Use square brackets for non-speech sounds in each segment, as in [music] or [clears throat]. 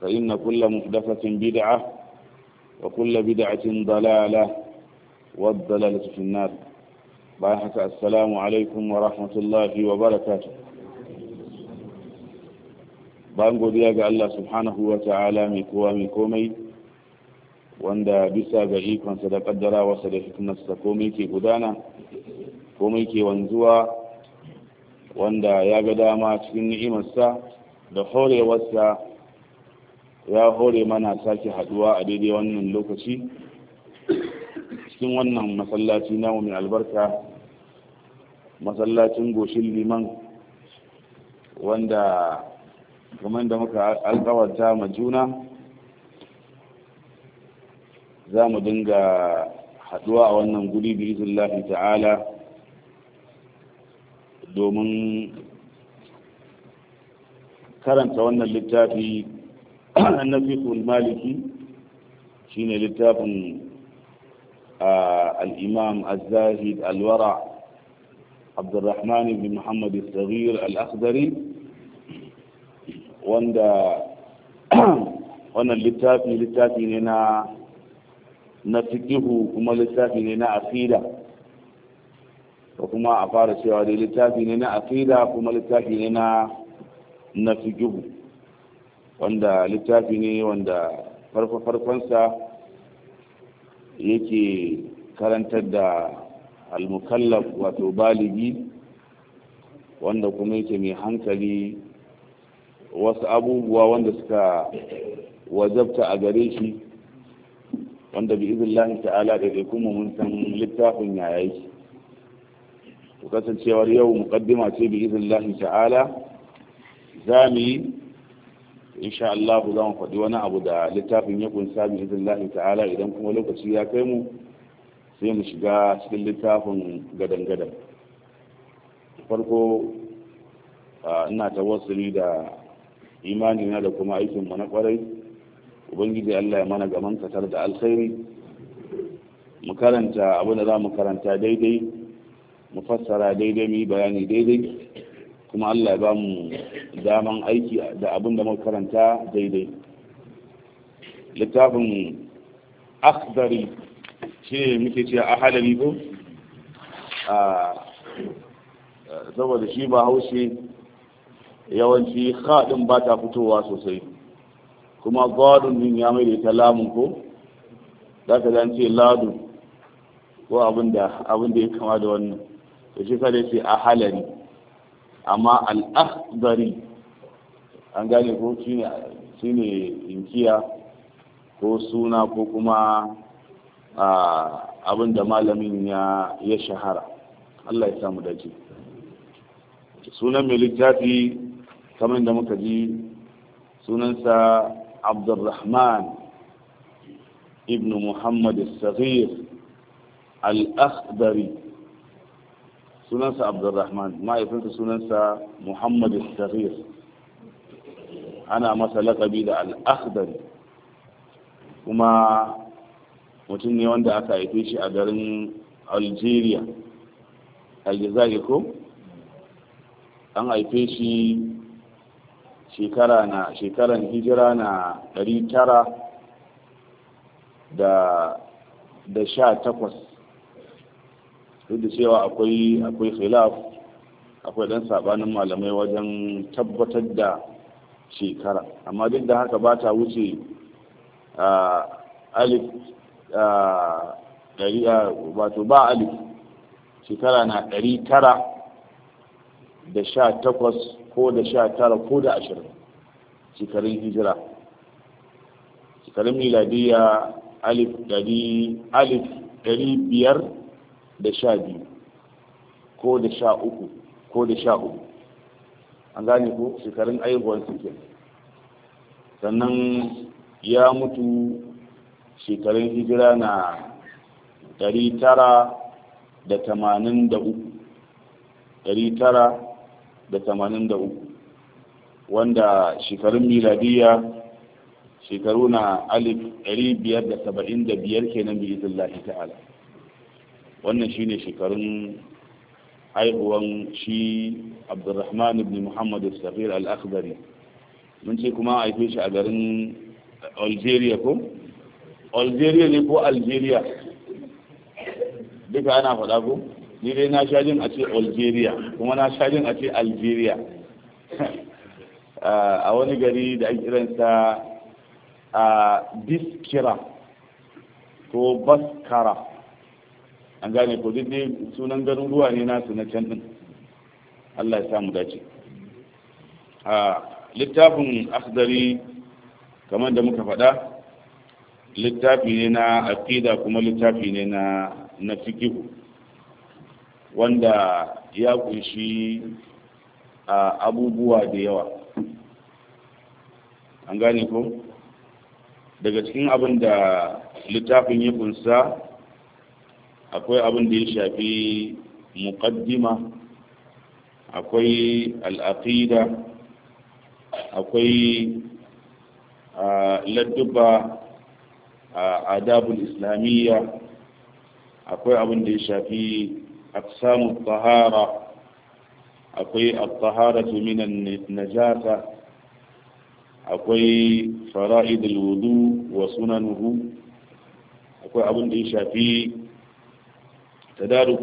فإن كل محدثة بدعة وكل بدعة ضلالة والضلالة في النار باحك السلام عليكم ورحمة الله وبركاته bango godiya ga Allah subhanahu wa ta'ala mai kowa mai komai wanda bisa ga ikonsa da kaddarawarsa da hikimarsa komai ke gudana komai ke wanzuwa wanda ya ga dama cikin ni'imarsa da horewarsa ya hore mana sake haduwa a daidai wannan lokaci cikin wannan masallaci namu mai albarka masallacin goshin liman wanda kamar da muka alkawarta ma juna za mu dinga haduwa a wannan guri biizillahi ta'ala domin karanta wannan littafi [clears throat] النفيق المالكي شين لتاب آه، الإمام الزاهد الورع عبد الرحمن بن محمد الصغير الأخضري وندا [clears throat] وانا لتاب لتاب لنا نفقه كما لتاب لنا أخيرا وكما أفارسي وعلي لتاب لنا أخيرا كما لتاب لنا نفقه wanda littafi ne wanda farko yake karantar da almukallaf wato baligi wanda kuma yake mai hankali wasu abubuwa wanda suka wajabta a gare shi wanda bi izin ta'ala da kuma mun san littafin yaya yake kasancewar yau mukaddima ce bi izin ta'ala za mu yi insha Allah za mu faɗi wani abu da littafin ya kunsa bi lahi ta'ala idan kuma lokaci ya kai mu sai mu shiga cikin littafin gadan-gadan farko ina ta tawassuli da imani na da kuma aikin mu na kwarai ubangiji Allah ya mana gaman katar da alkhairi mu karanta abin da za mu karanta daidai mu fassara daidai mu yi bayani daidai kuma Allah ya ba mu daman aiki da abin da makaranta daidai littafin akhdari shi ne muke ce a halari ko a saboda shi ba haushe yawanci haɗin ba ta fitowa sosai kuma godun din ya mai da ita lamun ko za ka zan ce ladu ko abin da ya kama da wannan to shi kare ce a halari amma al'akhdari an gane ko shi ne inkiya ko suna ko kuma abin da malamin ya shahara Allah ya samu dace sunan mai littafi kamar da muka ji sunansa abdurrahman ibn muhammad al-saghir al-akhdari sunansa abdurrahman mahaifinsa sunansa muhammad sahir ana masa lakabi da al'akhdari kuma mutum ne wanda aka haife shi a garin algeria algezair ko an haife shi shekara na shekaran hijira na 900 da da sha takwas duk da cewa akwai akwai khilaf akwai dan sabanin malamai wajen tabbatar da shekara amma duk da haka ba ta wuce alif wato ba alif shekara na ɗari tara da sha takwas ko da sha tara ko da ashirin shekarun hijira shekarun miladiyya alif ɗari alif biyar da sha biyu ko da sha uku ko da sha uku an gane ko shekarun aihuwar su ke sannan ya mutu shekarun hijira na ɗari tara da tamanin da uku ɗari tara da tamanin da uku wanda shekarun miladiya shekaru na alif ɗari biyar da saba'in da biyar kenan bi izin ta'ala wannan shi ne shekarun haihuwan shi abdurrahman ibn muhammad al-safir al-akhdari mun ce kuma haife shi a garin algeria ko algeria ne ko algeria duka ana faɗa ko ni dai na shajin a ce algeria kuma na shajin a ce algeria [laughs] a wani gari da an kiransa a biskira ko baskara an gane ko duk dai sunan garuruwa ne nasu na can din Allah ya samu dace a littafin akhdari kamar da muka faɗa littafi ne na aqida kuma littafi ne na na fikihu wanda ya kunshi abubuwa da yawa an gane ko daga cikin abin da littafin ya kunsa akwai abin da ya shafi muqaddima akwai al'aqida akwai ladduba adabul islamiyya akwai abin da ya shafi aqsamu tahara akwai at-taharatu minan najasa akwai fara'idul wudu wa sunanuhu akwai abin da ya shafi تدارك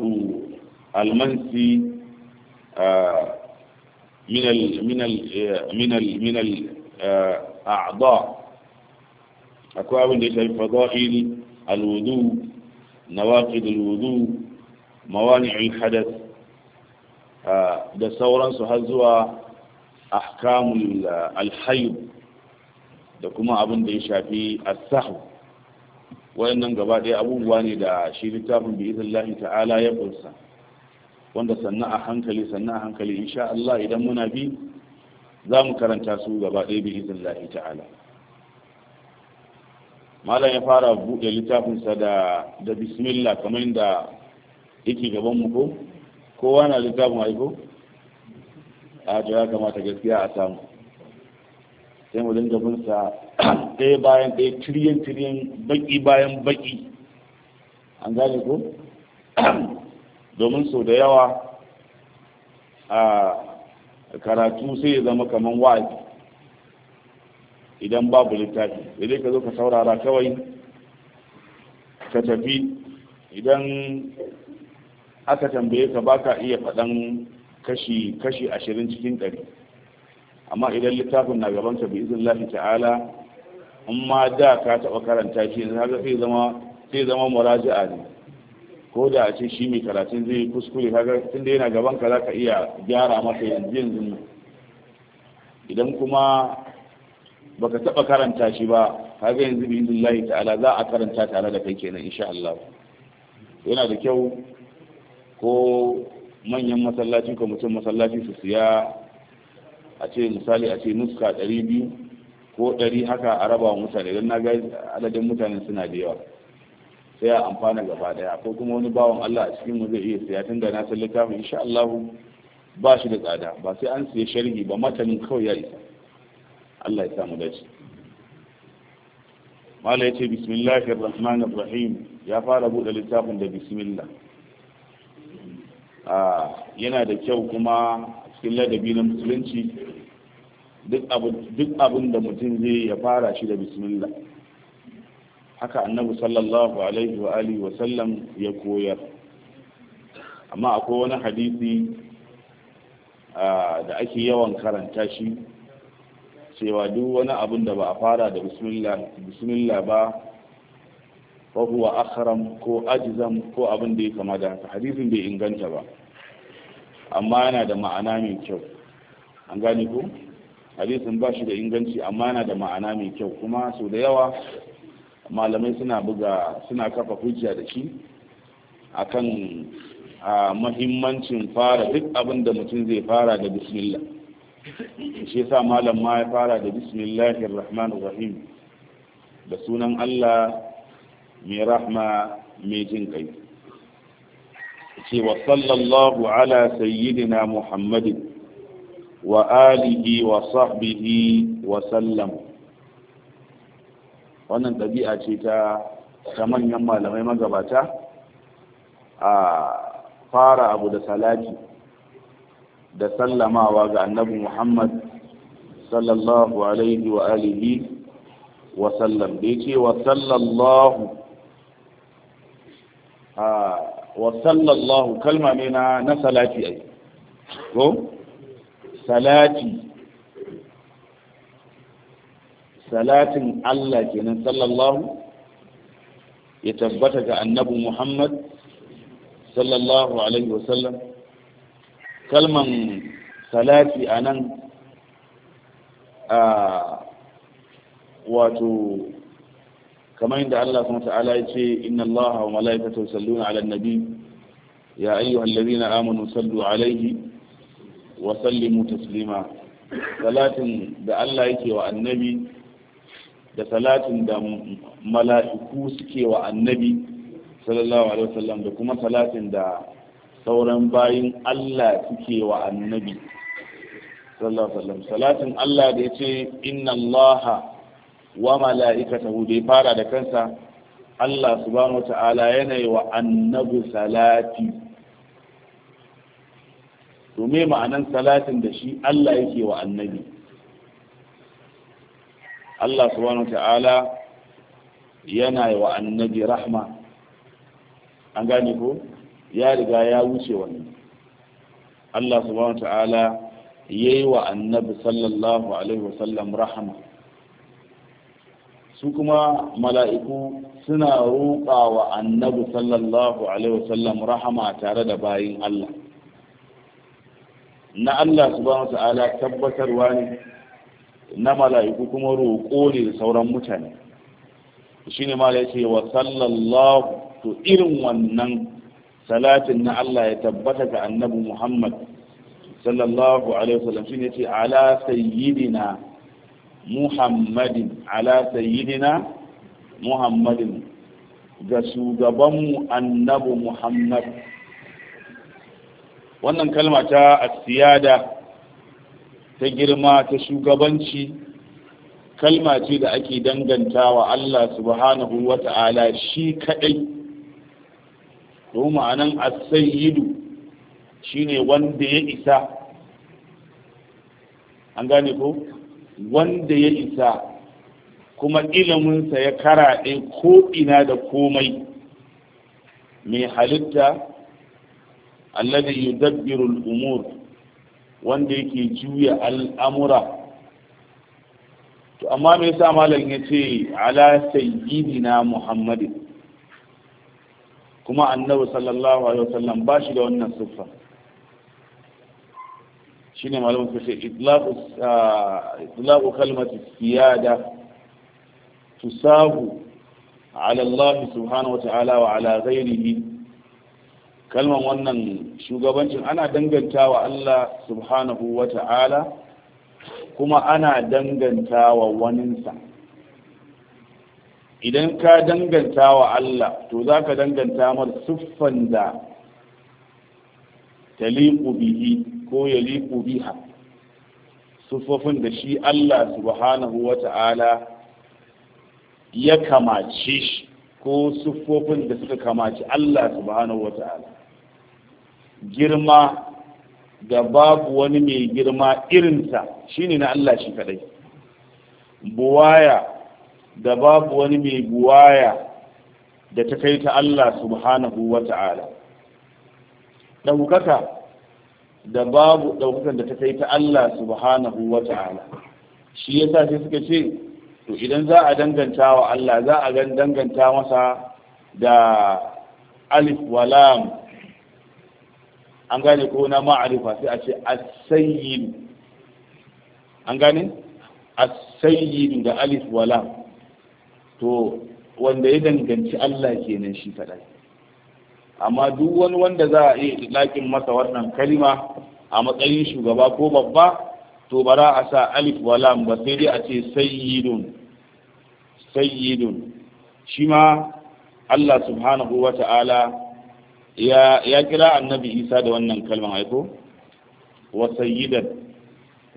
المنس آه، من الـ من الـ آه، من الـ من الأعضاء آه، اكواب أبن دي فضائل الوضوء نواقض الوضوء موانع الحدث ده سورا سهزوا أحكام الحيض ده كما أبن دي شافي السحو wayannan gaba ɗaya abubuwa ne da shi littafin bi izin ta'ala ya bursa wanda sannan a hankali sannan a hankali insha Allah idan muna bi za mu karanta su gaba ɗaya bi izin ta'ala malam ya fara buɗe littafinsa da da bismillah kamar da yake gaban mu ko kowa na littafin aiko a ya kamata gaskiya a samu sai mu dinga bin sa [clears throat] ɗaya bayan ɗaya tiriyan tiriyan baki bayan baki an gane ko [clears throat] domin sau da yawa a karatu sai ya zama kamar wa'azi idan babu littafi idan ka zo ka saurara kawai ka tafi idan aka tambaye ka baka iya faɗan kashi kashi ashirin cikin ɗari amma idan littafin na gabanka bi izin lafi ta'ala in ma da ka taɓa karanta shi haka sai zama sai zama muraji'a ne ko da a ce shi mai karatun zai kuskure haka tun da yana ka za ka iya gyara masa yanzu yanzu idan kuma baka taɓa karanta shi ba haka yanzu bi izin ta'ala za a karanta tare da kai kenan insha Allah yana da kyau ko manyan masallaci ko mutum masallaci su siya a ce misali a ce nuska ɗari biyu ko ɗari haka a raba mutane don na ga adadin mutane suna da yawa sai a amfana gaba daya ko kuma wani bawan Allah a cikin mu zai iya siya tun da na san littafin insha Allah ba shi da tsada ba sai an siya sharhi ba matanin kawai ya isa Allah ya samu dace mala ya ce bismillahir rahmanir rahim ya fara buɗe littafin da bismillah ah, yana da kyau kuma cikin ladabi na musulunci duk abin da mutum zai ya fara shi da bismillah haka annabi sallallahu alaihi wa alihi wa sallam ya koyar amma akwai wani hadisi da ake yawan karanta shi cewa duk wani abin da ba a fara da bismillah ba ko huwa akram ko ajzam ko abin da ya kama da hadisin bai inganta ba amma yana da ma'ana mai kyau an gane ko hadisin ba shi da inganci amma yana da ma'ana mai kyau kuma sau da yawa malamai suna buga suna kafa hujja da shi akan a mahimmancin fara duk abin da mutum zai fara da bismillah shi yasa malam ma ya fara da bismillahir rahmanir rahim da sunan Allah mai rahma mai jin kai ce wa sallallahu ala sayyidina muhammadin wa alihi wa sahbihi wa sallam wannan ɗabi'a ce ta ta manyan malamai magabata a fara abu da salati da sallamawa ga annabi muhammad sallallahu alaihi wa alihi wa sallam da ya ce wa sallallahu a wa sallallahu kalma ne na na salati ai ko salati salatin Allah kenan sallallahu ya tabbata ga annabi Muhammad sallallahu alaihi wa sallam. kalman salati anan a wato kamar inda Allah subhanahu ta'ala ya ce inna Allah wa malaikatahu yusalluna 'alan nabi ya ayyuhalladhina amanu sallu 'alaihi wa sallimu taslima salatin da Allah wa annabi da salatin da mala'iku suke wa annabi sallallahu alaihi wasallam da kuma salatin da sauran bayin Allah suke wa annabi sallallahu alaihi wasallam salatin Allah da yace inna Allaha wa mala'ikatahu da ya fara da kansa Allah subhanahu wata'ala yana yi wa annabi salati to me ma'anan salatin da shi Allah yake wa annabi Allah subhanahu wata'ala yana yi wa annabi rahma an gane ko ya riga ya wuce wannan Allah subhanahu wata'ala yayi wa annabi sallallahu alaihi wasallam rahma su kuma mala'iku suna roƙa wa annabi sallallahu alaihi wasallam rahama tare da bayin Allah na Allah subhanahu ta'ala tabbatarwa ne na mala'iku kuma roƙo ne da sauran mutane shine mala yace wa sallallahu to irin wannan salatin na Allah ya tabbata ga annabi Muhammad sallallahu alaihi wasallam shine yace ala sayyidina muhammadin ala sayyidina muhammadin ga shugabanmu annabu muhammad wannan kalma ta asiyada ta girma ta shugabanci kalma ce da ake danganta wa Allah subhanahu wa ta'ala shi kaɗai domin ma'anan asayidu shine wanda ya isa an gane ko wanda ya isa kuma iliminsa ya karaɗe ko'ina da komai mai halitta alladhi yi al-umur wanda yake juya al'amura to amma me sa malam ce, ala sayyidina muhammadin kuma annabi sallallahu alaihi wasallam ba shi da wannan siffa shine malamin suka ce itlaqu kalmati siyada tusabu ala Allah subhanahu wa ta'ala wa ala ghairihi kalman wannan shugabancin ana danganta wa Allah subhanahu wa ta'ala kuma ana danganta wa waninsa idan ka danganta wa Allah to za ka danganta mar siffan da taliku bihi ko ya liku biha sufofin da shi Allah subhanahu wa ta'ala ya kamace shi ko sufofin da suka kamaci Allah subhanahu wa ta'ala girma da babu wani mai girma irin irinsa shine na Allah shi kadai buwaya da babu wani mai buwaya da ta kai ta Allah subhanahu wa ta'ala ɗaukaka da babu ɗaukakan da ta kai ta Allah subhanahu wa ta'ala shi yasa sai suka ce to idan za a danganta wa Allah za a gan danganta masa da alif walam an gane ko na ma'arifa sai a ce as-sayyid an gane as-sayyid da alif walam to wanda ya danganci Allah kenan shi kadai amma duk wani wanda za a iya itlaƙin masa wannan kalima a matsayin shugaba ko babba to bara a sa alif wa lam ba sai dai a ce sayyidun sayyidun shi ma Allah subhanahu wa ta'ala ya ya kira annabi Isa da wannan kalman aiko wa sayyidan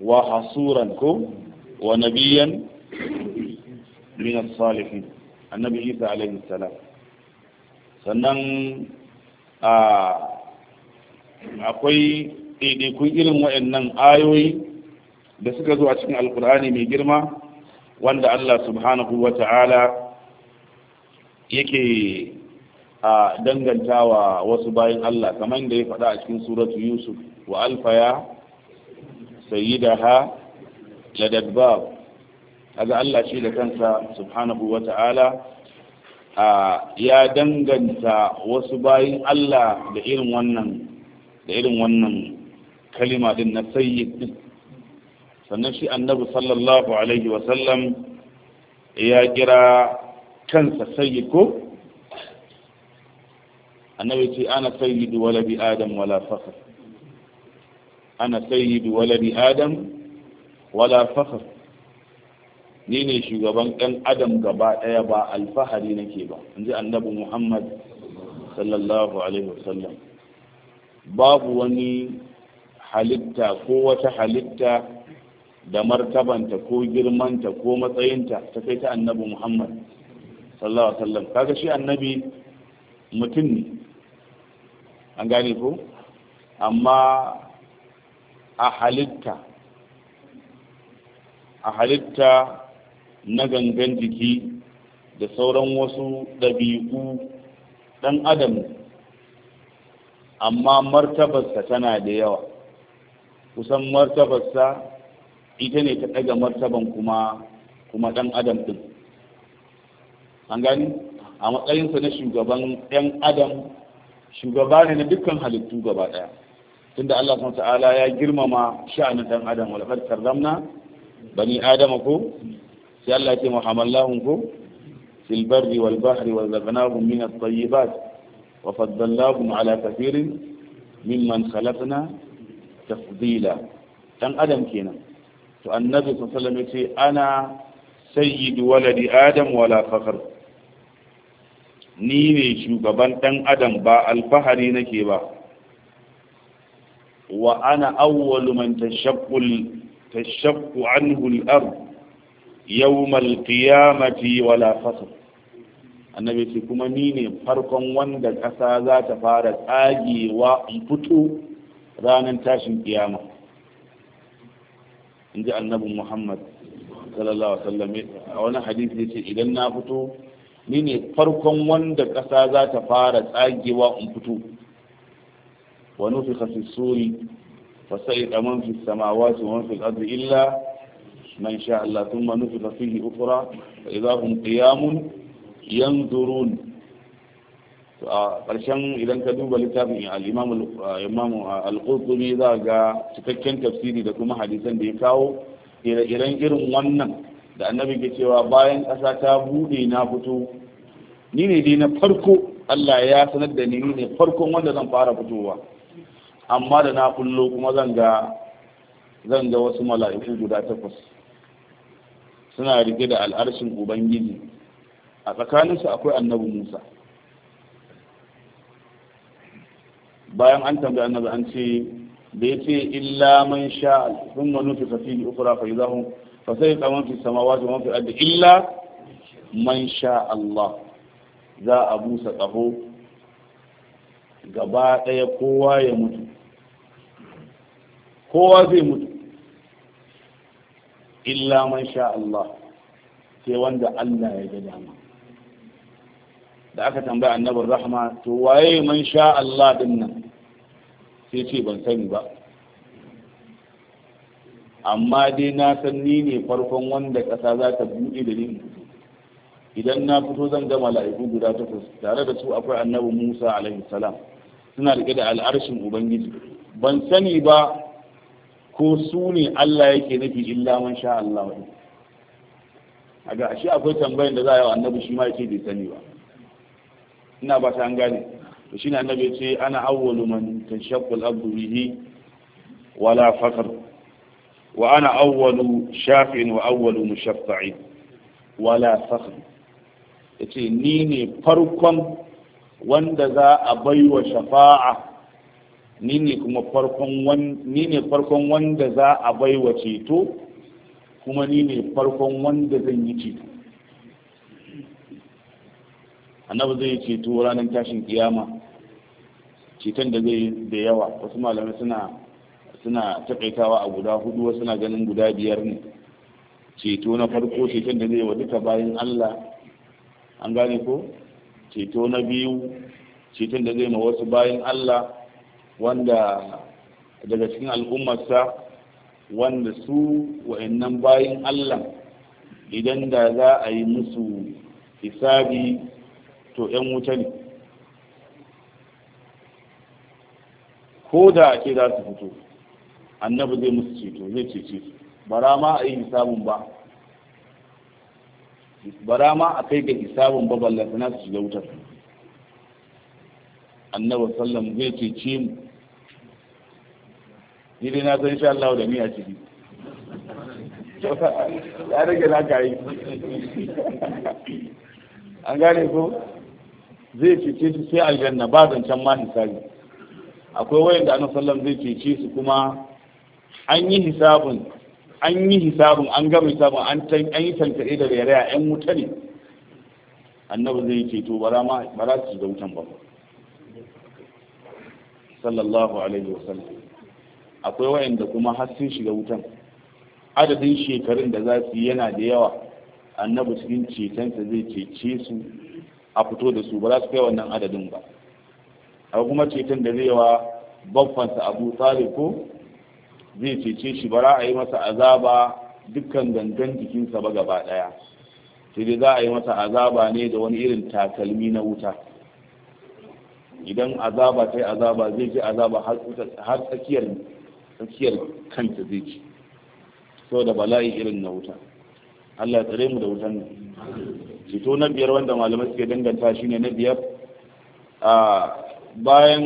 wa hasuran ko wa nabiyan min as-salihin annabi Isa alaihi salam sannan akwai ɗaiɗaikun irin waɗannan ayoyi da suka zo a cikin alkur'ani mai girma wanda Allah subhanahu wa ta'ala yake a dangantawa wasu bayan Allah kamar da ya faɗa a cikin suratu Yusuf wa alfaya sayyidaha ladadbab kaga Allah shi da kansa subhanahu wa ta'ala ya danganta wasu bayin Allah da irin wannan da irin wannan kalima din na sayyid din. sannan shi annabi sallallahu alaihi wa sallam ya kira kansa sayyid ko annabi ce ana sayyidu waladi adam wala fakhar ana sayyidu waladi adam wala fakhar ni ne shugaban ɗan adam gaba ɗaya ba alfahari nake ba in ji annabi muhammad sallallahu alaihi wasallam babu wani halitta ko wata halitta da martabanta ko girmanta ko matsayinta ta kai ta annabi muhammad sallallahu alaihi wasallam kaga shi annabi mutum ne an gane ko amma a halitta a halitta na gangan jiki da sauran wasu ɗabi'u ɗan adam amma martabarsa tana da yawa kusan martabarsa ita ne ta ɗaga martaban kuma kuma ɗan adam ɗin an gani a matsayinsa na shugaban ɗan adam shugaba ne na dukkan halittu gaba ɗaya tunda Allah subhanahu ta'ala ya girmama sha'anin ɗan adam wal qad bani adama ko sai Allah ce muhammallahun ko fil barri wal bahri wa zagnahum min at-tayyibat wa faddalnahum ala kathirin mimman khalaqna tafdila dan adam kenan to annabi sallallahu alaihi wasallam yace ana sayyidu waladi adam wala fakhr ni ne shugaban dan adam ba alfahari nake ba wa ana awwalu man tashaqqu tashaqqu anhu al-ard yawmal qiyamati wala fasl annabi ce kuma ni ne farkon wanda ƙasa za ta fara tsagewa in fito ranar tashin kiyama in ji annabi muhammad sallallahu alaihi wasallam a wani hadisi ce idan na fito ni ne farkon wanda ƙasa za ta fara tsagewa in fito Wani nufi fi suri fa sai man fi samawa su wani fi illa من شاء الله ثم نفخ فيه أخرى فإذا هم قيام ينظرون ƙarshen idan ka duba littafin al'imamu al'urtubi za ga cikakken tafsiri da kuma hadisan da ya kawo ire irin wannan da annabi ke cewa bayan ƙasa ta buɗe na fito ni ne dai na farko Allah ya sanar da ni ne farkon wanda zan fara fitowa amma da na kullo kuma zan ga wasu mala'iku guda takwas suna rike da al'arshin ubangiji a tsakaninsu akwai annabi musa bayan an tambayi annabi an ce da ya ce illa man sha sun manu fi safi ukura fa yuzahu fa sai kaman fi samawati wa fi ardi illa man sha Allah za a busa tsaho gaba ɗaya kowa ya mutu kowa zai mutu illa man sha Allah sai wanda Allah ya ga dama da aka tambaya annabar rahma to waye man sha Allah din nan sai ce ban sani ba amma dai na san ni ne farkon wanda ƙasa za ta buɗe da ni idan na fito zan ga mala'iku guda takwas tare da su akwai annabi Musa alaihi salam suna rike da al'arshin ubangiji ban sani ba ko su ne Allah yake nufi illa man sha Allah wa a ga shi akwai tambayin da za a yi wa annabi shi ma yake bai sani ba ina ba ta an gane to shi ne annabi ce ana awwalu man tashaqqu al bihi wala fakar wa ana awwalu shafin wa awwalu mushaffa'i wala fakhr yace ni ne farkon wanda za a baiwa shafa'a ni ne kuma farkon farkon wanda za a baiwa ceto kuma ni ne farkon wanda zan yi ceto annabi zai ceto ranar tashin kiyama ceton da zai da yawa wasu malamai suna suna takaitawa a guda hudu wasu na ganin guda biyar ne ceto na farko ceton da zai wa duka bayan Allah an gane ko ceto na biyu ceton da zai ma wasu bayan Allah wanda daga cikin al'ummarsa wanda su wa'annan bayan Allah idan da za a yi musu hisabi to 'yan wuta ne ko da ake za su fito annabi zai musu ceto zai cece su bara ma a yi hisabin ba bara ma a kai ga hisabin ba na su shiga wutar annabi sallam zai cece mu ni dai na san insha Allah da ni a ciki ya rage na kai an gane ko zai cece su sai aljanna ba zancen ma hisabi akwai wayan da annabi sallam zai cece su kuma an yi hisabun, an yi hisabun, an gama hisabun, an an yi tantare da rere a ƴan wuta ne annabi zai ceto bara ma bara su da wutan ba sallallahu alaihi wasallam akwai wayanda kuma har sun shiga wutan adadin shekarun da za su yi yana da yawa annabi cikin cetonsa zai cece su a fito da su ba za su kai wannan adadin ba akwai kuma ceton da zai yawa babbansa abu tsari ko zai cece shi ba za a yi masa azaba dukkan gangan jikinsa ba gaba daya sai dai za a yi masa azaba ne da wani irin takalmi na wuta idan azaba ta yi azaba zai ji azaba har tsakiyar tsakiyar kanta zai ci saboda bala'i irin na wuta Allah tsare mu da wutan nan Cito na biyar wanda malamai suke danganta ne na biyar a bayan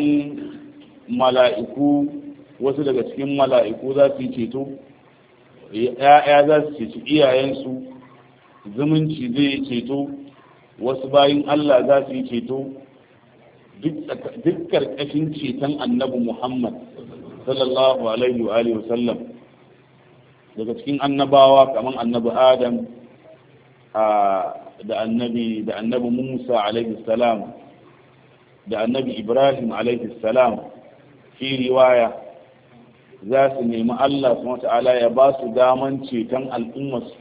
mala'iku wasu daga cikin mala'iku za su yi ceto ya'ya za su ceci iyayensu zumunci zai yi ceto wasu bayan Allah za su yi ceto duk ƙarƙashin ceton annabi Muhammad sallallahu alaihi wa alihi wasallam daga cikin annabawa kaman annabi adam da annabi da annabi musa alaihi salam da annabi ibrahim alaihi salam fi riwaya za su nemi allah subhanahu ta'ala ya ba su daman ceton al'ummarsu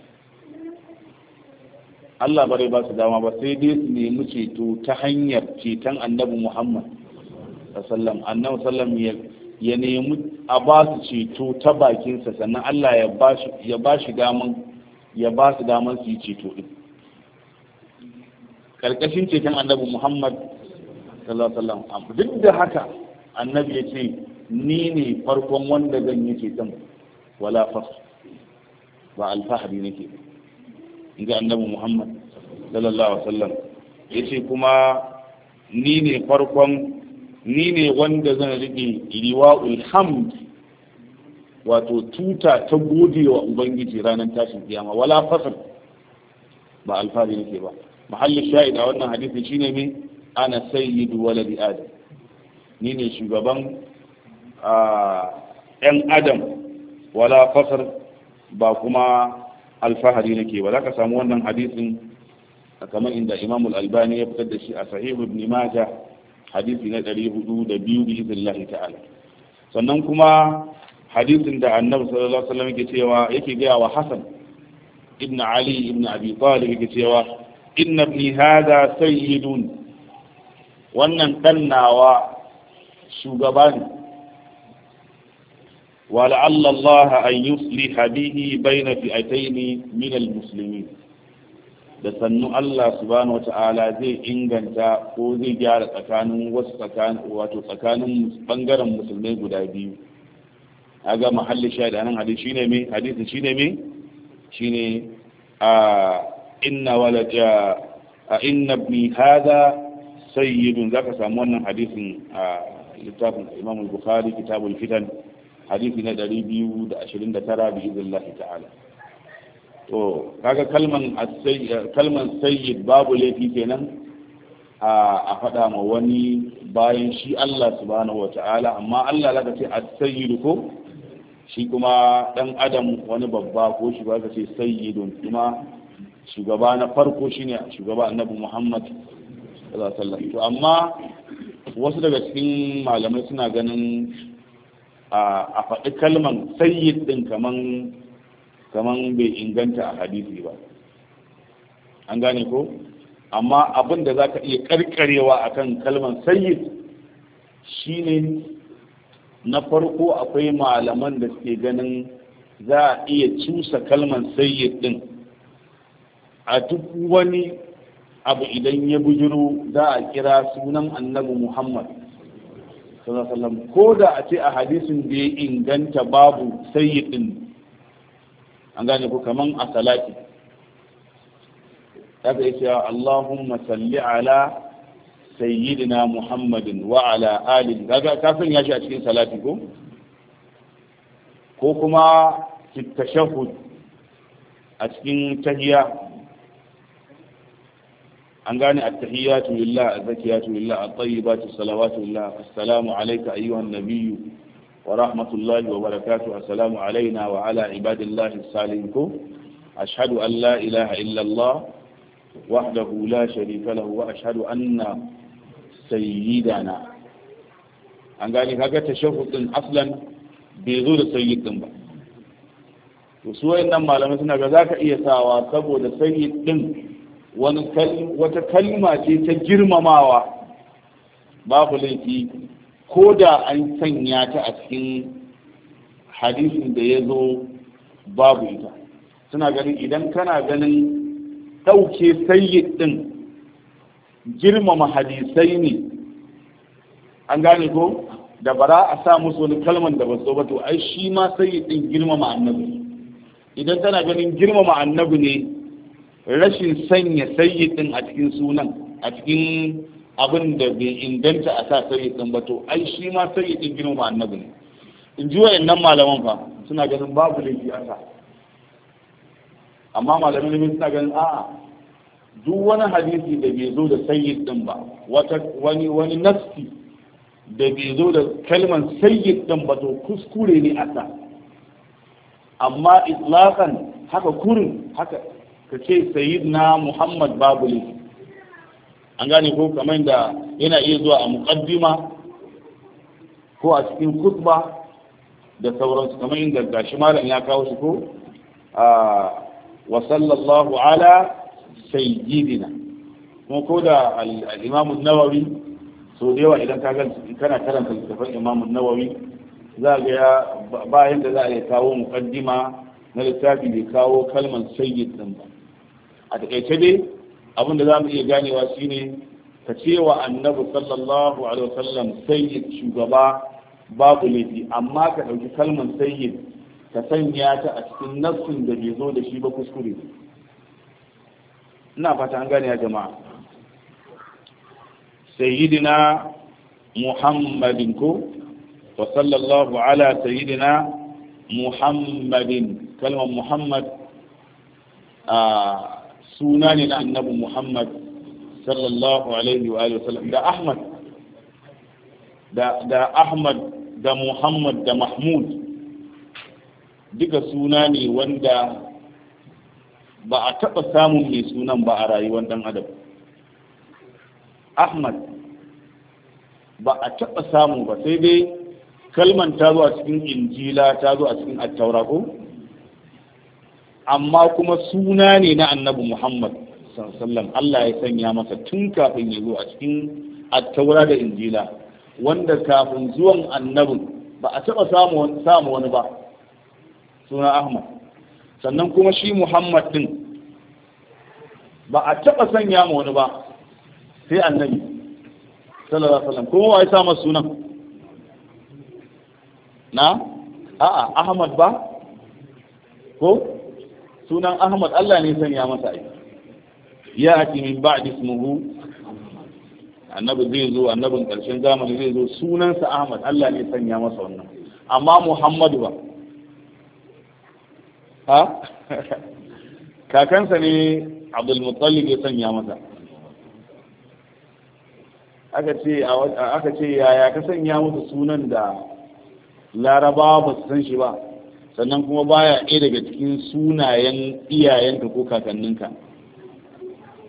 allah bare ba su dama ba sai dai su nemi ceto ta hanyar ceton annabi muhammad sallam annabi sallam ya ya nemi a ba su ceto ta bakinsa sannan Allah ya ba shi daman ya ba su daman su yi ceto din karkashin ceton annabi Muhammad sallallahu alaihi wasallam duk da haka annabi ya ce ni ne farkon wanda zan yi ceton wala fas ba alfahari nake ga annabi Muhammad sallallahu alaihi wasallam ce kuma ni ne farkon ni ne wanda zan riƙe liwa'ul hamd wato tuta ta gode wa ubangiji ranar tashin kiyama wala fasal ba alfahari nake ba mahallin shahid wannan hadisi shine me ana sayyidu waladi adam ni ne shugaban yan adam wala ba kuma alfahari nake ba za ka samu wannan hadisin kamar inda imamul albani ya fitar da shi a sahihu ibn majah hadisi na ɗari hudu da biyu biiznillahi ta'ala sannan kuma hadisin da annabi sallallahu alaihi wasallam yake cewa yake ga wa hasan ibn ali ibn abi talib yake cewa inna ibni hada sayyidun wannan dan nawa shugaba ne wa la'alla Allah an yusliha bihi bayna fi'atayn min al-muslimin da sannu Allah subhanahu wata'ala zai inganta ko zai gyara tsakanin wasu tsakanin wato tsakanin bangaren musulmai guda biyu ga mahalli shaida nan hadisi shine me hadisi shine me shine a inna walaja a inna bi hada sayyidun zaka samu wannan hadisin a littafin Imam Bukhari kitabul fitan hadisi na 229 bi idnillahi ta'ala to kaga kalman kalman sayyid babu laifi kenan a faɗa ma wani bayan shi Allah subhanahu wata'ala amma Allah laka ce as-sayyid ko shi kuma dan adam wani babba ko shi ba ka ce sayyidun kuma shugaba na farko shine shugaba annabi Muhammad sallallahu alaihi wasallam to amma wasu daga cikin malamai suna ganin a faɗi kalman sayyid din kaman kaman bai inganta a hadisi ba an gane ko amma abin da za ka iya karkarewa akan kan kalmar sayyid shine na farko akwai malaman da suke ganin za a iya cusa kalmar sayyid din a duk wani abu idan ya bujiro za a kira sunan annabi muhammad ko da a ce a hadisin da ya inganta babu sayyid din an gane ko kaman a salati haka yace Allahumma salli ala sayyidina Muhammadin wa ala alihi kaga ka sanya shi a cikin salati ko ko kuma fi tashahhud a cikin tahiyya an gane at-tahiyyatu lillah az-zakiyatu lillah at-tayyibatu salawatu lillah assalamu alayka ayyuhan nabiyyu ورحمة الله وبركاته السلام علينا وعلى عباد الله الصالحين أشهد أن لا إله إلا الله وحده لا شريك له وأشهد أن سيدنا an gane kaga tashahhud din aslan bai zo da sayyid din ba to su wayannan malamai suna ga zaka iya sawa saboda sayyid wata kalma ce ta girmamawa babu laifi ko da an sanya ta a cikin hadisin da ya zo babu ita suna ganin idan kana ganin ɗauke sayyid ɗin girmama hadisai ne an gane ko da bara a sa musu wani kalman da ba so ba to ai shi ma sayyid ɗin girmama annabi idan tana ganin girmama annabi ne rashin sanya sayyid ɗin a cikin sunan a cikin abin da bai inganta a sa sai din ba to ai shi ma sayyid din girma annabi ne in ji wayannan malaman fa suna ganin babu laifi a sa amma malamin ilimin suna ganin a'a duk wani hadisi da bai zo da sayyid din ba wata wani wani nafsi da bai zo da kalman sayyid din ba to kuskure ne a sa amma itlaqan haka kurin haka ka ce sayyidna muhammad babu laifi an gane ko kamar da yana iya zuwa a muqaddima ko a cikin khutba da sauransu kamar inda gashi malam ya kawo shi ko wa sallallahu ala sayyidina kuma ko da al-imam an-nawawi so da yawa idan ka kana karanta littafin imam an-nawawi za ga ya bayan da za a kawo mukaddima na littafi bai kawo kalmar sayyid din ba a takaice dai abin da za mu iya ganewa shine ka cewa annabi sallallahu alaihi wasallam sayyid shugaba babu laifi amma ka ɗauki kalmar sayyid ka sanya ta a cikin nassin da bai zo da shi ba kuskure ina fata an gane ya jama'a sayyidina muhammadin ko wa sallallahu ala sayyidina muhammadin kalmar muhammad a ah, suna ne na annabi Muhammad sallallahu alaihi wa sallam da Ahmad da Ahmad da Muhammad da Mahmud duka suna ne wanda ba a taɓa samun mai sunan ba a rayuwar ɗan adam Ahmad ba a taɓa samu ba sai dai kalman ta zo a cikin injila ta zo a cikin attaura ko amma kuma suna ne na annabi Muhammad sallallahu Allah ya sanya masa tun kafin ya zo a cikin attaura da injila wanda kafin zuwan annabin ba a taɓa samu wani ba suna Ahmad sannan kuma shi Muhammad din ba a taɓa sanya ma wani ba sai annabi sallallahu alaihi wasallam kuma wai sama sunan na a'a Ahmad ba ko sunan Ahmad Allah ne sanya masa ai ya ati min ba'di ismuhu annabi zai zo annabin karshen zamani zai zo sunansa Ahmad Allah ne sanya masa wannan amma Muhammadu ba ha [laughs] kakansa ne Abdul Muttalib ya sanya masa aka ce aka ce yaya ka sanya masa sunan da Laraba ba su san shi ba sannan kuma baya ɗaya daga cikin sunayen iyayenka ko kakanninka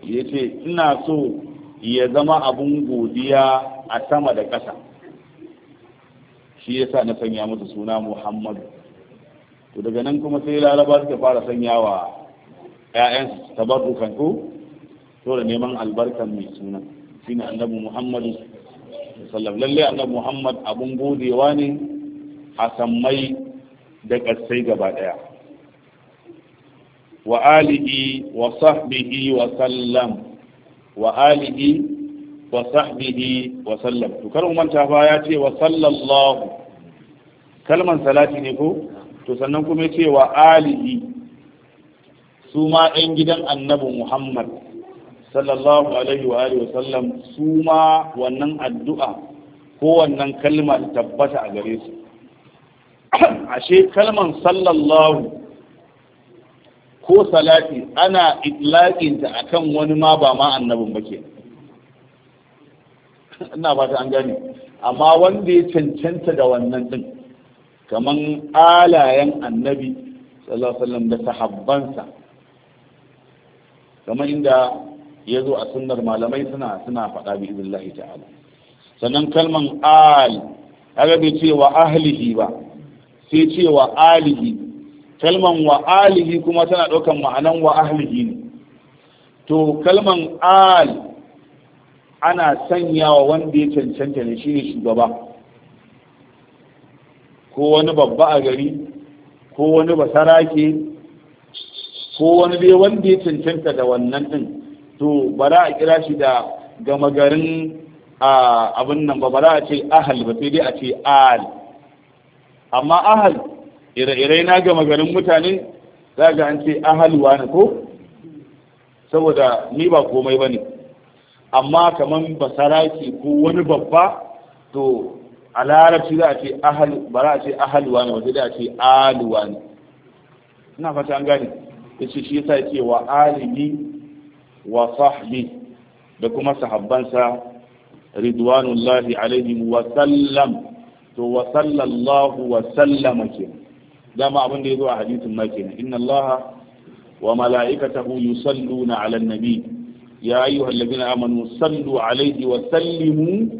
ya ce ina so ya zama abun godiya a sama da ƙasa shi ya sa na sanya masa suna muhammadu to daga nan kuma sai laraba suka fara sanya wa 'ya'yansu tabarrukan ko to da neman albarkan mai suna ne annabi muhammadu sallallahu lalle annabi muhammad abun godewa ne a sammai da ƙasai gaba ɗaya wa alihi wa sahbihi wa sallam wa alihi wa sahbihi wa sallam to kar manta fa ya ce wa sallallahu kalman salati ne ko to sannan kuma ya ce wa alihi su ma ɗan gidan annabi Muhammad sallallahu alaihi wa alihi wa sallam su ma wannan addu'a ko wannan kalma tabbata a gare su [coughs] ashe kalman sallallahu ko salati ana itlaƙinta a kan wani ma ba ma annabin ba ke [coughs] ina ba ta an gane amma wanda ya cancanta da wannan din kaman alayen annabi sallallahu alaihi da sahabbansa kamar inda ya zo a sunnar malamai suna suna faɗa bi ta'ala sannan kalman al aga bai ce wa ahlihi ba sai ce wa alihi kalman wa alihi kuma tana ɗaukan ma'anan wa ahlihi ne to kalman al ana sanyawa wanda ya cancanta ne shine shugaba ko wani babba a gari ko wani basarake ko wani dai wanda ya cancanta da wannan din to ba za a kira shi da gama garin abin nan ba ba za a ce ahal ba sai dai a ce al amma ahal ire-irai na gama garin mutane za ga an ce ahalwa ne ko saboda ni ba komai ba ne amma kamar basaraki ko wani babba to a larabci za a ce ahal ba za a ce ahalwa ne wata da a ce aluwa ne ina fata an gane ya ce shi yasa ce wa alimi wa sahbi da kuma sahabbansa ridwanullahi alaihi wa sallam to wa sallallahu wa sallama kenan dama abin da ya zo a hadisin ma kenan inna allaha wa mala'ikatahu yusalluna ala nabi ya ayyuha alladhina amanu sallu alayhi wa sallimu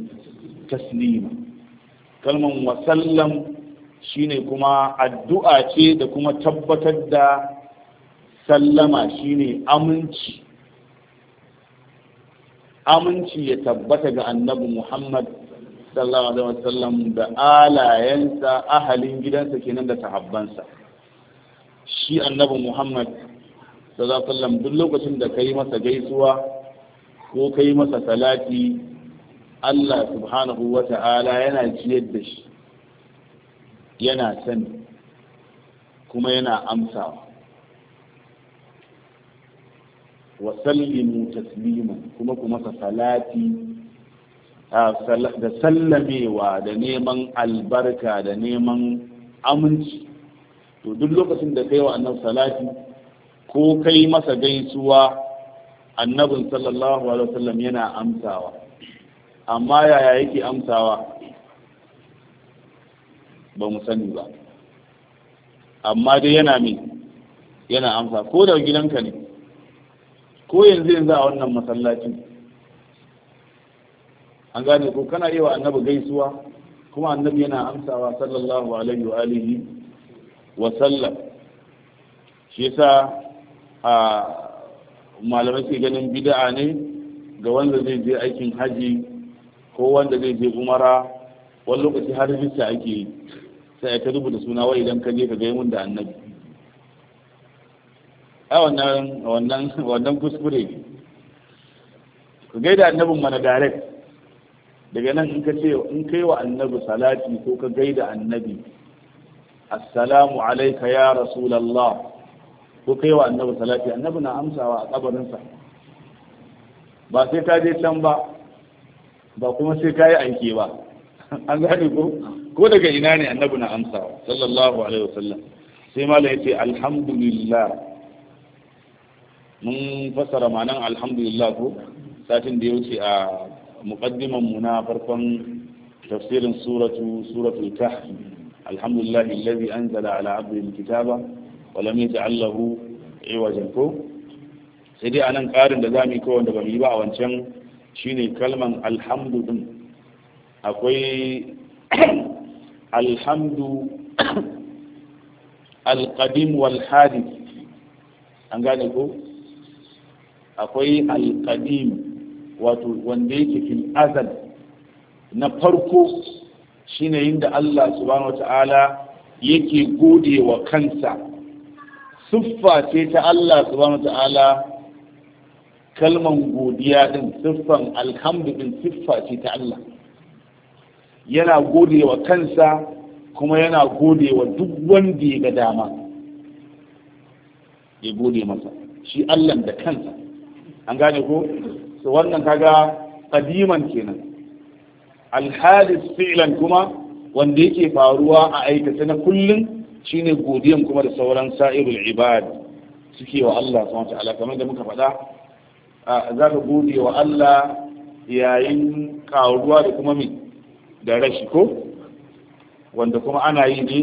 taslima kalman wa sallam shine kuma addu'a ce da kuma tabbatar da sallama shine aminci aminci ya tabbata ga annabi Muhammad sallallahu alaihi wasallam da alayensa ahalin gidansa kenan da sahabbansa shi annabi Muhammad sallallahu alaihi wasallam duk lokacin da kai masa gaisuwa ko kai masa salati Allah subhanahu wa ta'ala yana ciyar da shi yana sani kuma yana amsawa wa sallimu taslima kuma kuma salati da sallamewa da neman albarka da neman aminci to duk lokacin da kai wa annabi salati ko kai masa gaisuwa annabin sallallahu alaihi wasallam yana amsawa amma yaya yake amsawa ba mu sani ba amma dai yana me yana amsa ko da gidanka ne ko yanzu yanzu a wannan masallacin an gane ko kana yi wa annabi gaisuwa kuma annabi yana amsawa sallallahu alaihi wa alihi wa sallam shi yasa a malamai ke ganin bid'a ne ga wanda zai je aikin haji ko wanda zai je umara wani lokaci har bisa ake sai ya ka rubuta suna wai idan ka je ka ga da annabi a wannan wannan wannan kuskure ku gaida annabin mana direct daga nan in ka ce in kai wa annabi salati ko ka gaida annabi assalamu alaika ya rasulallah ko kai wa annabi salati annabi na amsawa a kabarinsa ba sai ka je can ba ba kuma sai ka yi aiki ba [laughs] an gane ko ko daga ina ne annabi na amsawa sallallahu alaihi wasallam sai malam ya ce alhamdulillah mun fassara ma'anan alhamdulillah ko satin da ya wuce a muqaddiman mu na farkon tafsirin suratu suratul kahf alhamdulillah alladhi anzala ala abdihi alkitaba wa lam yaj'al lahu iwajan ko sai dai anan karin da zamu yi ko wanda ba a wancan shine kalman alhamdu din akwai alhamdu akwai wato wanda yake fil azal na farko shine yinda Allah subhanahu wata'ala yake gode wa kansa siffa ce ta Allah subhanahu wata'ala kalman godiya din siffan alhamdu ɗin siffa ce ta Allah yana gode wa kansa kuma yana gode wa duk wanda ya ga dama ya gode masa shi Allah da kansa an gane ko to wannan kaga qadiman kenan alhadis fi'lan kuma wanda yake faruwa a aikata na kullum shine godiyan kuma da sauran sa'irul ibad suke wa Allah subhanahu wa ta'ala kamar da muka faɗa za ka gode wa Allah yayin karuwa da kuma min da rashi ko wanda kuma ana yi ne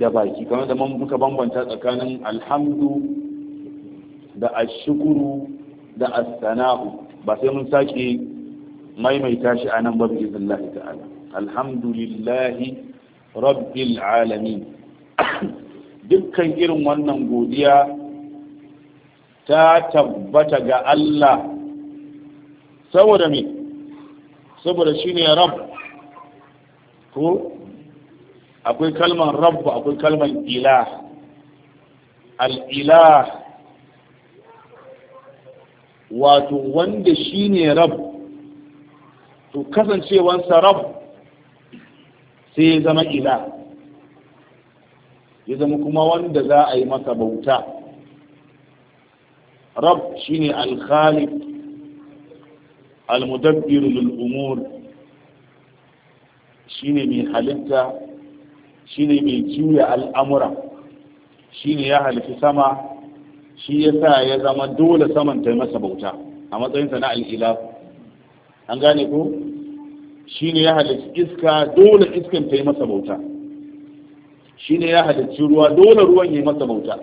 da baki kamar da muka bambanta tsakanin alhamdu da ashukuru da asana'u ba sai mun sake maimaita shi a nan ba bi iznillahi ta'ala alhamdulillahi rabbil alamin dukkan irin wannan godiya ta tabbata ga Allah saboda me saboda shine rabb ko akwai kalmar rabb akwai kalmar ilah al-ilah wato wanda shi ne rab to kasancewansa rab sai ya zama ila ya zama kuma wanda za a yi masa bauta rab shi ne alkhalik almudabbir lil'umur shi mai halitta shi mai juya al'amura shi ya halifi sama shi ya sa ya zama dole saman ta masa bauta a matsayinsa na al'ila an gane ko shi ne ya halicci iska dole iskan ta masa bauta shi ne ya halicci ruwa dole ruwan ya yi masa bauta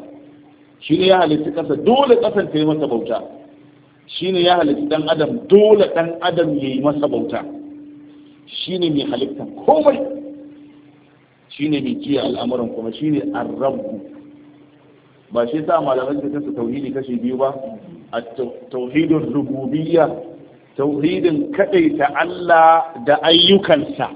shi ne ya halicci ƙasa dole ƙasan ta masa bauta shi ne ya halicci ɗan adam dole ɗan adam ya yi masa bauta shi ne mai halittar komai shi ne mai jiya al'amuran kuma shi ne arrabu ba shi sa malamai suka kasa tauhidi kashe biyu ba a tauhidin rububiyya tauhidin kadaita Allah da ayyukansa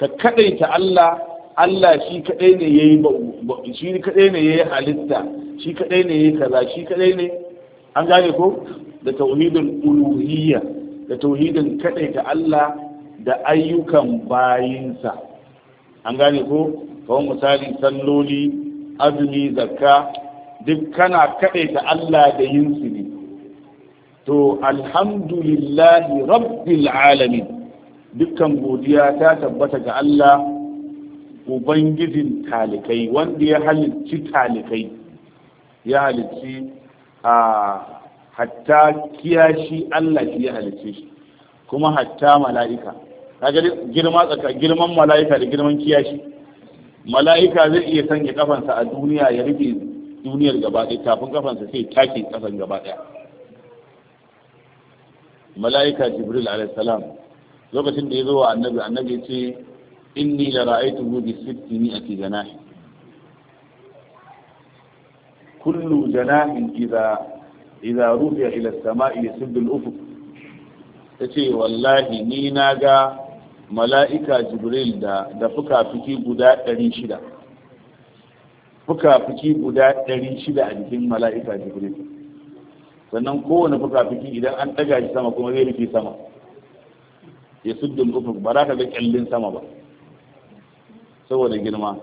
ka kadaita Allah Allah shi kadai ne yayi shi kadai ne yayi halitta shi kadai ne yayi kaza shi kadai ne an gane ko da tauhidin uluhiyya da tauhidin kadaita Allah da ayyukan bayinsa an gane ko kawai misali salloli azumi zakka duk kana kaɗaita Allah da yin su ne to alhamdulillahi rabbil alamin dukkan godiya ta tabbata ga Allah ubangijin talikai wanda ya halicci talikai ya halicci a hatta kiyashi Allah shi ya halicce shi kuma hatta mala'ika kaga girma tsaka girman mala'ika da girman kiyashi mala'ika zai iya sanya kafansa a duniya ya rufe duniyar gaba ɗaya tafin kafansa sai take kasan gaba ɗaya mala'ika jibril salam lokacin da ya zo wa annabi annabi ce inni la hu bi sittini ati janahi kullu janahin idza idza rufiya ila as-sama'i yasuddu al-ufuq tace wallahi ni na ga mala'ika jibril da da fuka-fuki guda 600 fuka-fuki guda 600 a jikin mala'ika jibril sannan kowane fuka-fuki idan an ɗaga shi sama kuma zai rufe sama ya suddin ufuk ba za ka ga ƙyallin sama ba saboda girma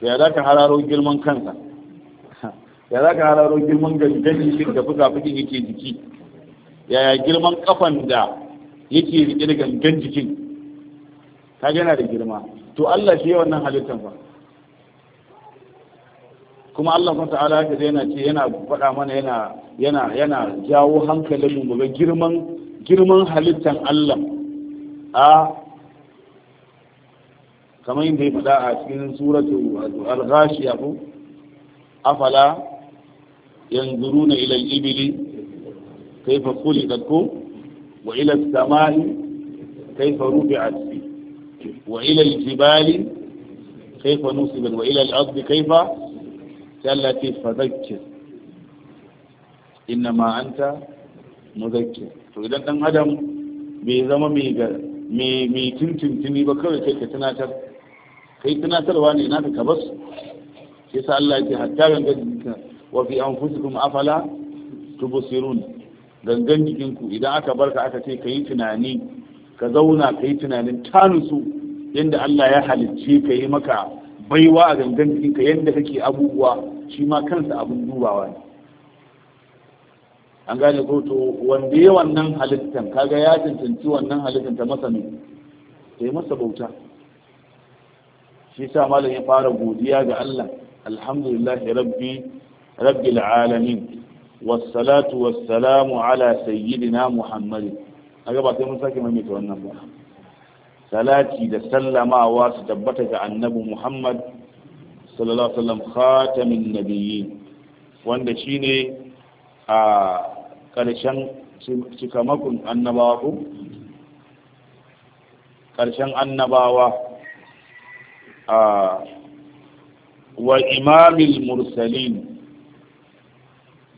to ya za ka hararo girman kansa ya za ka hararo girman gangan shi da fuka-fukin yake jiki yaya girman kafan da yake rikirgan da gangan jikin kaga yana da girma to Allah shi wannan halittan fa kuma Allah kuma ta'ala haka yana ce yana faɗa mana yana yana yana jawo hankalin mu ga girman girman halittan Allah a kamar yadda ya faɗa a cikin suratu al-ghashiya ko afala yanzuruna ila al-ibli kayfa khuliqat ko wa ila as-samai kayfa rufi'at وإلى الجبال كيف نصبت وإلى الأرض كيف التي فذكر إنما أنت مذكر فإذا أن أدم بزمن mai tuntuntuni ba kawai kai ka tunatar kai tunatarwa ne naka ka bas sai sa Allah ce hatta gangan jikinka wa fi afala tubsirun gangan jikinku idan aka barka aka ce yi tunani ka zauna ka yi tunanin tanusu yadda Allah ya halicce ka yi maka baiwa a gangan jikinka yadda kake abubuwa shi ma kansa abin dubawa ne an gane ko to wanda ya wannan halittan kaga ya cancanci wannan halittan ta masa ne ta yi masa bauta shi sa malam ya fara godiya ga Allah alhamdulillahi rabbi rabbil alamin والصلاة والسلام على سيدنا محمد aga ba sai mun sake maimaita wannan ba salati da sallamawa su tabbata ga annabi Muhammad sallallahu alaihi wasallam khatamin nabiyyi wanda shine a karshen cikamakun annabawa ku? karshen annabawa a wa imamil mursalin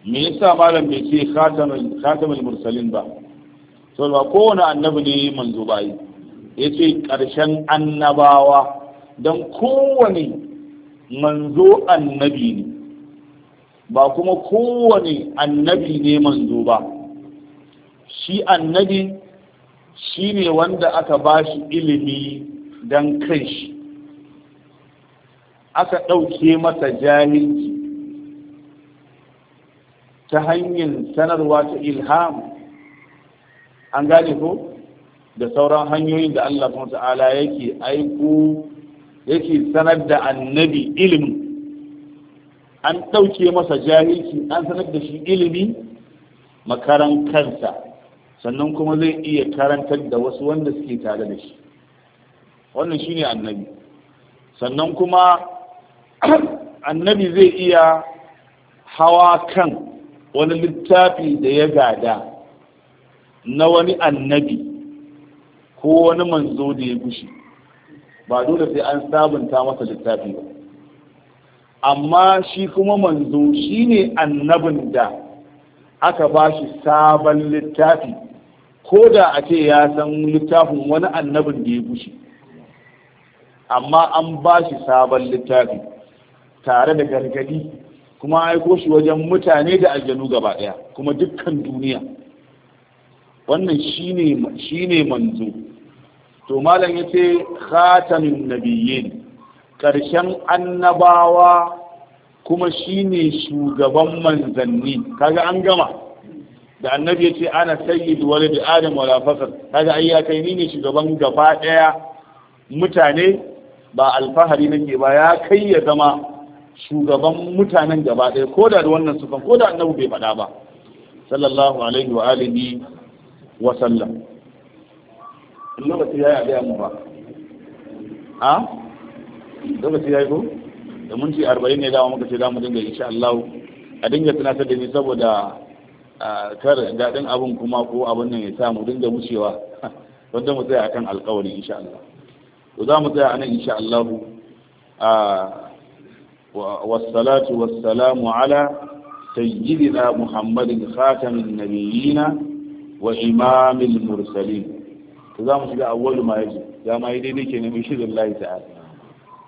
me yasa malam bai ce khatamul mursalin ba so ba kowane annabi ne manzo bayi ya ce ƙarshen annabawa don kowane manzo annabi ne ba kuma kowane annabi ne manzo ba shi annabi shi ne wanda aka ba shi ilimi don shi, aka ɗauke masa jahilci ta hanyar sanarwa ta ilham an gane ko da sauran hanyoyin da Allah ta'ala yake aiko yake sanar da annabi ilimi an ɗauke masa jahilci an sanar da shi ilimi makaran sannan kuma zai iya karantar da wasu wanda suke tare da shi wannan shi ne annabi sannan kuma [clears throat] annabi zai iya hawa kan wani littafi da ya gada na wani annabi ko wani manzo da ya gushi ba dole sai an sabunta masa littafi ba amma shi kuma manzo shi ne annabin da aka ba shi sabon littafi ko da a ce ya san littafin wani annabin da ya gushi amma an ba shi sabon littafi tare da gargadi kuma aiko shi wajen mutane da aljanu gaba ɗaya kuma dukkan duniya wannan shi ne manzo to malam ya yace khatamin nabiyyin karshen annabawa kuma shi ne shugaban manzanni kaga an gama da annabi yace ana sayyid da adam wala fakar kaga ai ya kai ni ne shugaban gaba ɗaya. mutane ba alfahari nake ba ya kai ya zama shugaban mutanen gaba ɗaya. Ko da wannan sukan da annabi bai faɗa ba sallallahu alaihi wa alihi wasallam lokaci ya yi a gaya mu ba a lokaci ya yi ko da mun ce arba'in ne dama muka ce za mu dinga insha Allah a dinga tunatar da ni saboda kar daɗin abin kuma ko abin nan ya sa mu dinga wucewa [laughs] wanda mu tsaya akan alƙawari insha Allah to za mu tsaya anan insha Allah wassalatu wassalamu ala sayyidina muhammadin khatamin nabiyina wa imamil mursalin to za mu shiga awwalu ma yaji ya ma yi daidai kenan bi shirin Allah ta'ala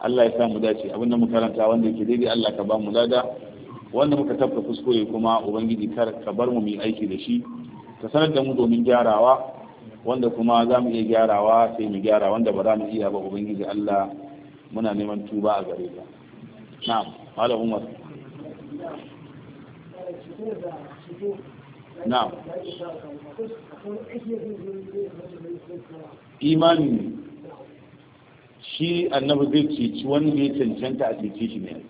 Allah ya sa mu dace abinda mu karanta wanda yake daidai Allah ka ba mu lada wanda muka tafka kuskure kuma ubangiji kar ka bar mu mai aiki da shi ka sanar da mu domin gyarawa wanda kuma za mu iya gyarawa sai mu gyara wanda ba za mu iya ba ubangiji Allah muna neman tuba a gare ka na'am malam Umar Na imani shi annabi zai ceci wanda ya cancanta a cece shi ne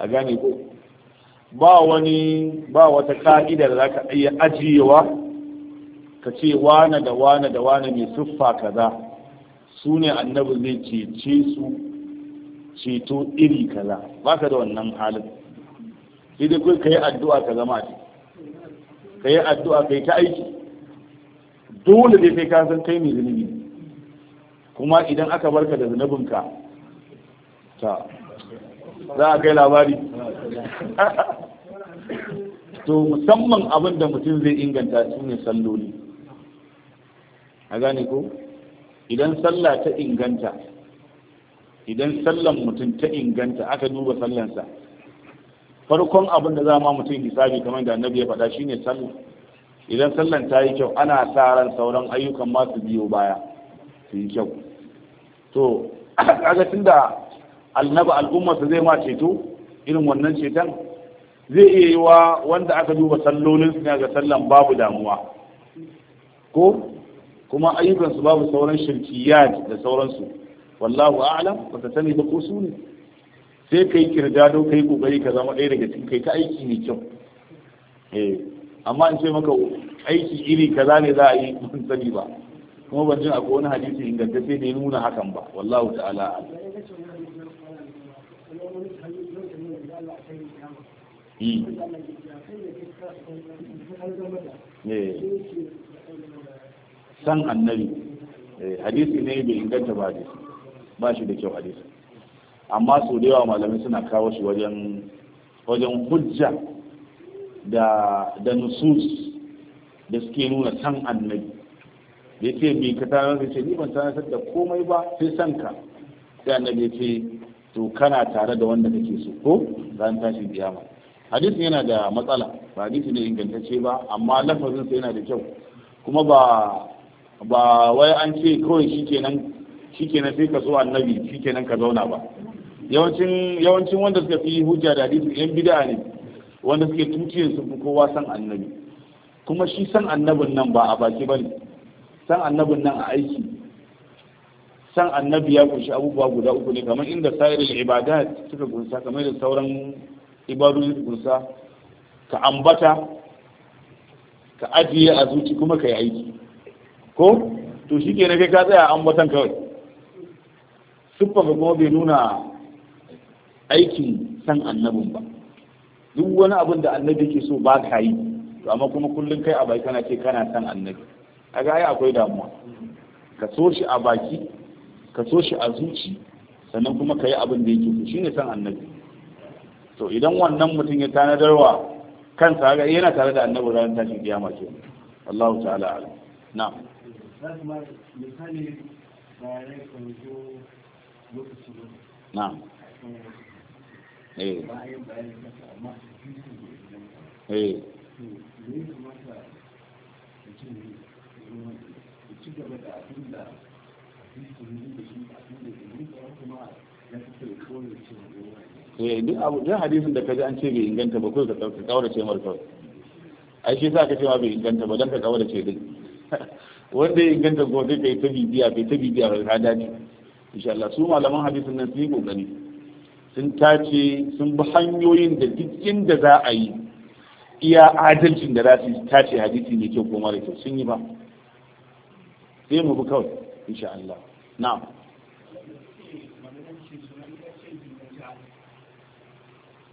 a gane ko ba wani ba wata ka'idar da za ka iya ajiyewa ka ce wane da wane da wane mai siffa kaza su ne annabi zai cece su ceto iri kaza ba ka da wannan halin sai dai kai ka yi addu'a ka zama a ka yi addu'a kai ta aiki dole dai kai ka san kai mai zunubi kuma idan aka barka da zunubinka ta za a kai labari [laughs] to musamman abin da mutum zai inganta su ne salloli a gane ko idan sallah ta inganta idan sallan mutum ta inganta aka duba sallansa farkon abin da za ma mutum hisabi kamar da annabi ya faɗa shine sallah idan sallan ta yi kyau ana sa ran sauran ayyukan ma su biyo baya su yi kyau to [clears throat] kaga tunda annabi su zai ma ceto irin wannan ceton zai iya yi wa wanda aka duba sallolin su ga sallan babu damuwa ko kuma ayyukansu babu sauran shirkiyat da sauransu wallahu a'lam ba ta sani ba ko su ne sai ka yi don ka yi kokari ka zama ɗaya daga cikin kai ta aiki mai kyau eh, amma in ce maka aiki iri kaza ne za a yi ban sani ba kuma ban jin akwai wani hadisi ingantacce da ya nuna hakan ba wallahu ta'ala hmm. eh. san annabi eh, hadisi ne bai inganta ba hadisi ba shi da kyau hadisi amma sau da yawa malamai suna kawo shi wajen wajen hujja da da nusus da suke nuna san annabi da ce bai ka da ce ni ban tanar da komai ba sai san ka sai annabi ya ce to kana tare da wanda kake so ko ran tashi kiyama hadisin yana da matsala ba hadisi ne ingantacce ba amma lafazin yana da kyau kuma ba ba wai an ce kawai shikenan shikenan sai ka so annabi shikenan ka zauna ba yawancin yawancin wanda suka fi hujja da hadisi yan bid'a ne wanda suke tuciyar su fi kowa san annabi kuma shi san annabin nan ba a baki bane san annabin nan a aiki san annabi ya kunshi abubuwa guda uku ne kamar inda da ibada suka gunsa kamar da sauran ibadu suka gunsa ka ambata ka ajiye a zuci kuma ka yi aiki ko to shi ke na kai ka tsaya ambatan kawai ka kuma bai nuna aikin san annabin ba duk wani abin da annabi ke so ba ka yi to amma kuma kullum kai a baki kana ce kana san annabi a ga akwai damuwa ka so shi a baki ka so shi a zuci sannan kuma ka yi abin da yake so shine san annabi to idan wannan mutum ya tanadarwa kansa ga yana tare da annabi ranar tashin kiyama ke Allahu ta'ala alam na'am na'am eh, Eh. Eh. Eh, duk hadisun da ka ji an ce bai inganta ba kawai ka kaurace mar kawai ai shi sa ka ce ma bai inganta ba don ka kaurace din [laughs] wanda ya inganta gobe kai ta bibiya kai ta bibiya ka dace insha Allah su malaman hadisun nan su yi kokari sun tace sun bi hanyoyin da duk inda za a yi iya adalcin da za su tace hadisi mai kyau ko mara kyau sun yi ba sai mu bi kawai insha Allah na'am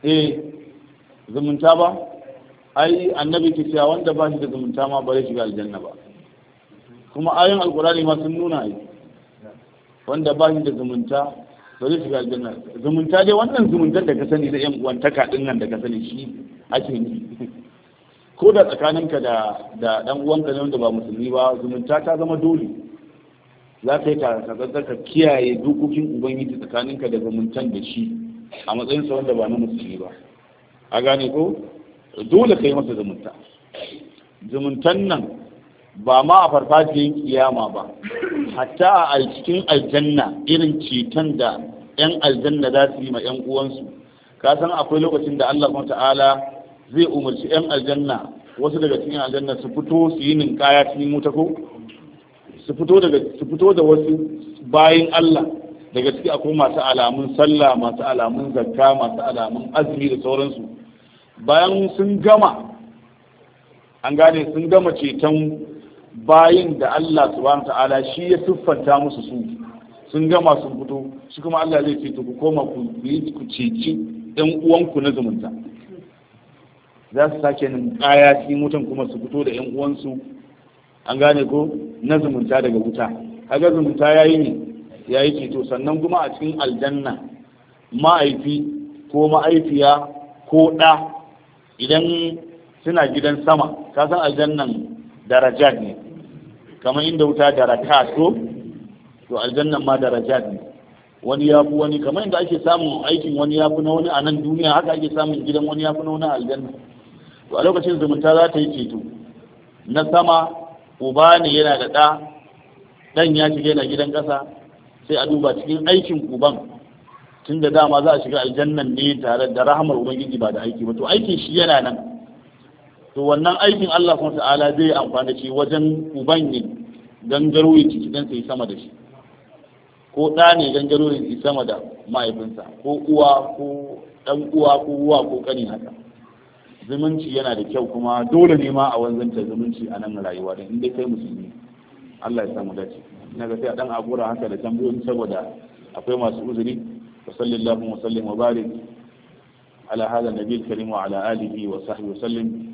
eh zumunta ba ai annabi ke cewa wanda ba shi da zumunta ma bare shiga aljanna ba kuma ayoyin alkurani ma sun nuna ai wanda ba shi da zumunta ba zai shiga aljanna zumunta dai wannan zumuntar da ka sani da yan uwantaka din nan da ka sani shi ake yi ko da tsakaninka da da dan uwanka ne wanda ba musulmi ba zumunta ta zama dole za ka yi takatsar ka kiyaye dokokin ubangiji tsakaninka da zumuntan da shi a matsayin sa wanda ba na musulmi ba a gane ko dole ka yi masa zumunta zumuntan nan ba ma a farfajiyar kiyama ba hatta a cikin aljanna irin ceton da 'yan aljanna za su yi ma 'yan uwansu ka san akwai lokacin da Allah kuma ta'ala zai umarci 'yan aljanna wasu daga cikin aljanna su fito su yi ninkaya cikin mutako su fito da wasu bayan Allah daga ciki akwai masu alamun sallah masu alamun zakka masu alamun azumi da sauransu bayan sun gama an gane sun gama ceton bayin da Allah subhanahu ta'ala shi ya tuffanta musu su sun gama sun fito shi kuma Allah zai fito ku koma ku yi ku ceci ɗan uwanku na zumunta za su sake nan kaya cikin wutan kuma su fito da ƴan uwansu an gane ko na zumunta daga wuta kaga zumunta yayi ne yayi ceto sannan kuma a cikin aljanna ma'aifi ko ma'aifiya ko ɗa idan suna gidan sama ka san aljannan darajat ne kamar inda wuta daraka to to aljannan ma darajat ne wani ya fi wani kamar inda ake samun aikin wani ya fi na wani a nan duniya haka ake samun gidan wani ya fi na wani aljanna to a lokacin zumunta za ta yi ceto na sama uba ne yana da ɗa ɗan ya shiga yana gidan ƙasa sai a duba cikin aikin uban tun da dama za a shiga aljannan ne tare da rahamar ubangiji ba da aiki ba to aikin shi yana nan to wannan aikin Allah kuma ta'ala zai yi amfani shi wajen ubangin ne don garuwa ciki don sai sama da shi ko ɗa ne don garuwa ciki sama da mahaifinsa ko uwa ko ɗan uwa ko uwa ko ƙani haka zumunci yana da kyau kuma dole ne ma a wanzanta zumunci a nan rayuwa da inda kai musulmi Allah ya samu dace ina ga sai a dan agura haka da tambayoyi saboda akwai masu uzuri wa sallallahu wa sallim wa barik ala hada nabiyil karim wa ala alihi wa sahbihi wa sallim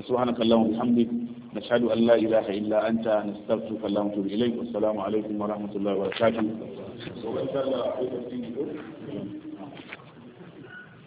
وسبحانك اللهم وبحمدك نشهد أن لا إله إلا أنت نستغفرك اللهم ونتوب إليك والسلام عليكم ورحمة الله وبركاته